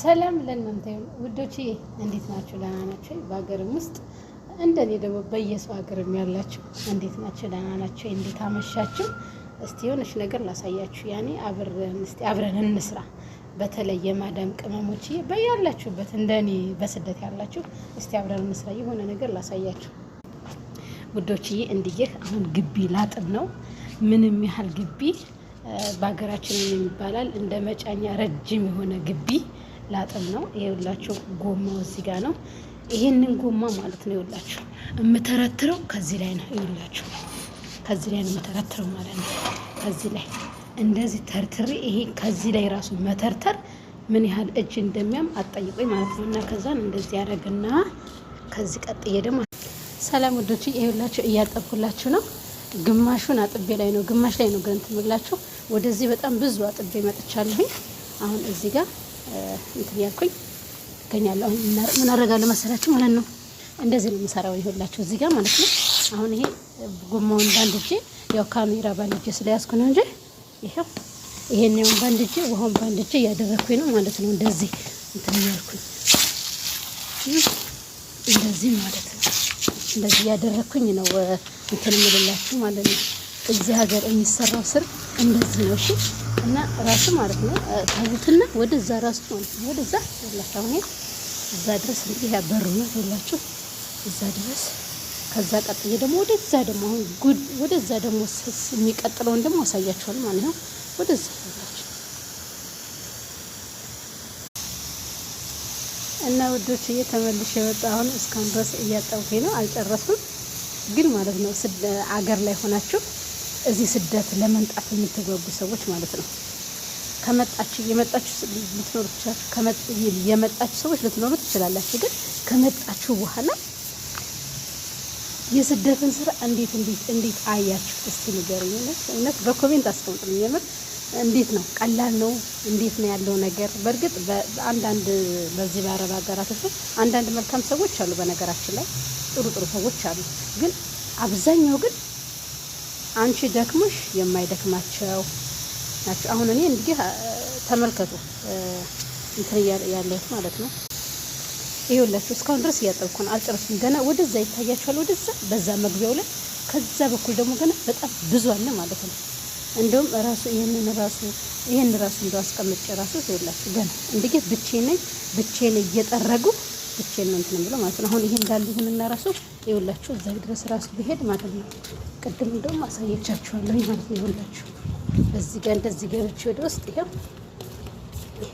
ሰላም ለእናንተ ውዶች፣ እንዴት ናችሁ? ደህና ናችሁ? በሀገርም ውስጥ እንደኔ ደግሞ በየሰው ሀገርም ያላችሁ እንዴት ናችሁ? ደህና ናችሁ? እንዴት አመሻችሁ? እስቲ የሆነች ነገር ላሳያችሁ። ያኔ አብረን እስቲ አብረን እንስራ። በተለይ የማዳም ቅመሞች በያላችሁበት እንደኔ በስደት ያላችሁ እስቲ አብረን እንስራ። የሆነ ነገር ላሳያችሁ ውዶችዬ። እንዲህ አሁን ግቢ ላጥብ ነው። ምንም ያህል ግቢ በሀገራችን ይባላል እንደ መጫኛ ረጅም የሆነ ግቢ ላጥም ነው። ይኸውላችሁ ጎማው እዚህ ጋር ነው። ይሄንን ጎማ ማለት ነው ይኸውላችሁ የምተረትረው ከዚህ ላይ ነው። ይኸውላችሁ ከዚህ ላይ ነው የምተረትረው ማለት ነው። ከዚህ ላይ እንደዚህ ተርትሬ ይሄ ከዚህ ላይ ራሱ መተርተር ምን ያህል እጅ እንደሚያም አጠይቆኝ ማለት ነው። እና ከዛን እንደዚህ ያደረግና ከዚህ ቀጥዬ ደግሞ ሰላም ወዶች ይኸውላችሁ እያጠብኩላችሁ ነው። ግማሹን አጥቤ ላይ ነው፣ ግማሽ ላይ ነው ግን ትምግላችሁ። ወደዚህ በጣም ብዙ አጥቤ መጥቻለሁኝ። አሁን እዚህ ጋር እንትን ያልኩኝ እገኛለሁ። ምን አደርጋለሁ መሰላችሁ ማለት ነው። እንደዚህ ነው የምሰራው። ይሁላችሁ፣ እዚህ ጋር ማለት ነው። አሁን ይሄ ጎማውን ባንድ እጄ ያው ካሜራ ባንድ እጄ ስለያዝኩ ነው እንጂ ይሄው ይሄን ያውን ባንድ እጄ ውሃውን ባንድ እጄ እያደረግኩኝ ነው ማለት ነው። እንደዚህ እንትን እንደዚህ ማለት ነው። እንደዚህ እያደረግኩኝ ነው እንትን የምልላችሁ ማለት ነው። እዚህ ሀገር የሚሰራው ስር እንደዚህ ነው። እሺ እና ራሱ ማለት ነው ታዩትና ወደዛ ራሱ ማለት ነው ወደዛ ያላችሁ አሁን እዛ ድረስ እንግዲህ ያበሩ ነው ያላችሁ እዛ ድረስ ከዛ ቀጥዬ ደግሞ ወደዛ ደግሞ አሁን ጉድ ወደዛ ደግሞ የሚቀጥለውን ደግሞ አሳያችኋል ማለት ነው። ወደዛ ያላችሁ እና ውዶች እየተመልሽ የወጣ አሁን እስካሁን ድረስ እያጠብኩኝ ነው አልጨረስኩም ግን ማለት ነው አገር ላይ ሆናችሁ እዚህ ስደት ለመምጣት የምትጓጉ ሰዎች ማለት ነው ከመጣች የመጣችሁ ልትኖሩ ትችላላችሁ። የመጣችሁ ሰዎች ልትኖሩ ትችላላችሁ። ግን ከመጣችሁ በኋላ የስደትን ስራ እንዴት እንዴት እንዴት አያችሁ? እስቲ ንገሩኝ። እውነት በኮሜንት አስቀምጡልኝ። የምር እንዴት ነው? ቀላል ነው? እንዴት ነው ያለው ነገር? በእርግጥ አንዳንድ በዚህ በአረብ ሀገራት ሀገራቶች አንዳንድ መልካም ሰዎች አሉ። በነገራችን ላይ ጥሩ ጥሩ ሰዎች አሉ። ግን አብዛኛው ግን አንቺ ደክሞሽ የማይደክማቸው ናቸው። አሁን እኔ እንግዲህ ተመልከቱ እንትን ያለሁት ማለት ነው። ይኸውላችሁ እስካሁን ድረስ እያጠብኩ ነው፣ አልጨረስኩም። ገና ወደዛ ይታያችኋል፣ ወደዛ በዛ መግቢያው ላይ ከዛ በኩል ደግሞ ገና በጣም ብዙ አለ ማለት ነው። እንደውም ራሱ ይህንን ራሱ ይህን ራሱ እንደው አስቀምጬ ራሱ ይኸውላችሁ ገና እንዲህ ብቼ ነኝ ብቼ ነኝ እየጠረጉ ብቻዬን ነው እንትን ብለው ማለት ነው። አሁን ይሄ እንዳለ እና ራሱ ይኸውላችሁ እዛ ድረስ ራሱ ቢሄድ ማለት ነው። ቅድም እንደውም አሳየቻችኋለሁ ማለት ነው። ይኸውላችሁ እዚህ ጋር እንደዚህ ገብቼ ወደ ውስጥ ይኸው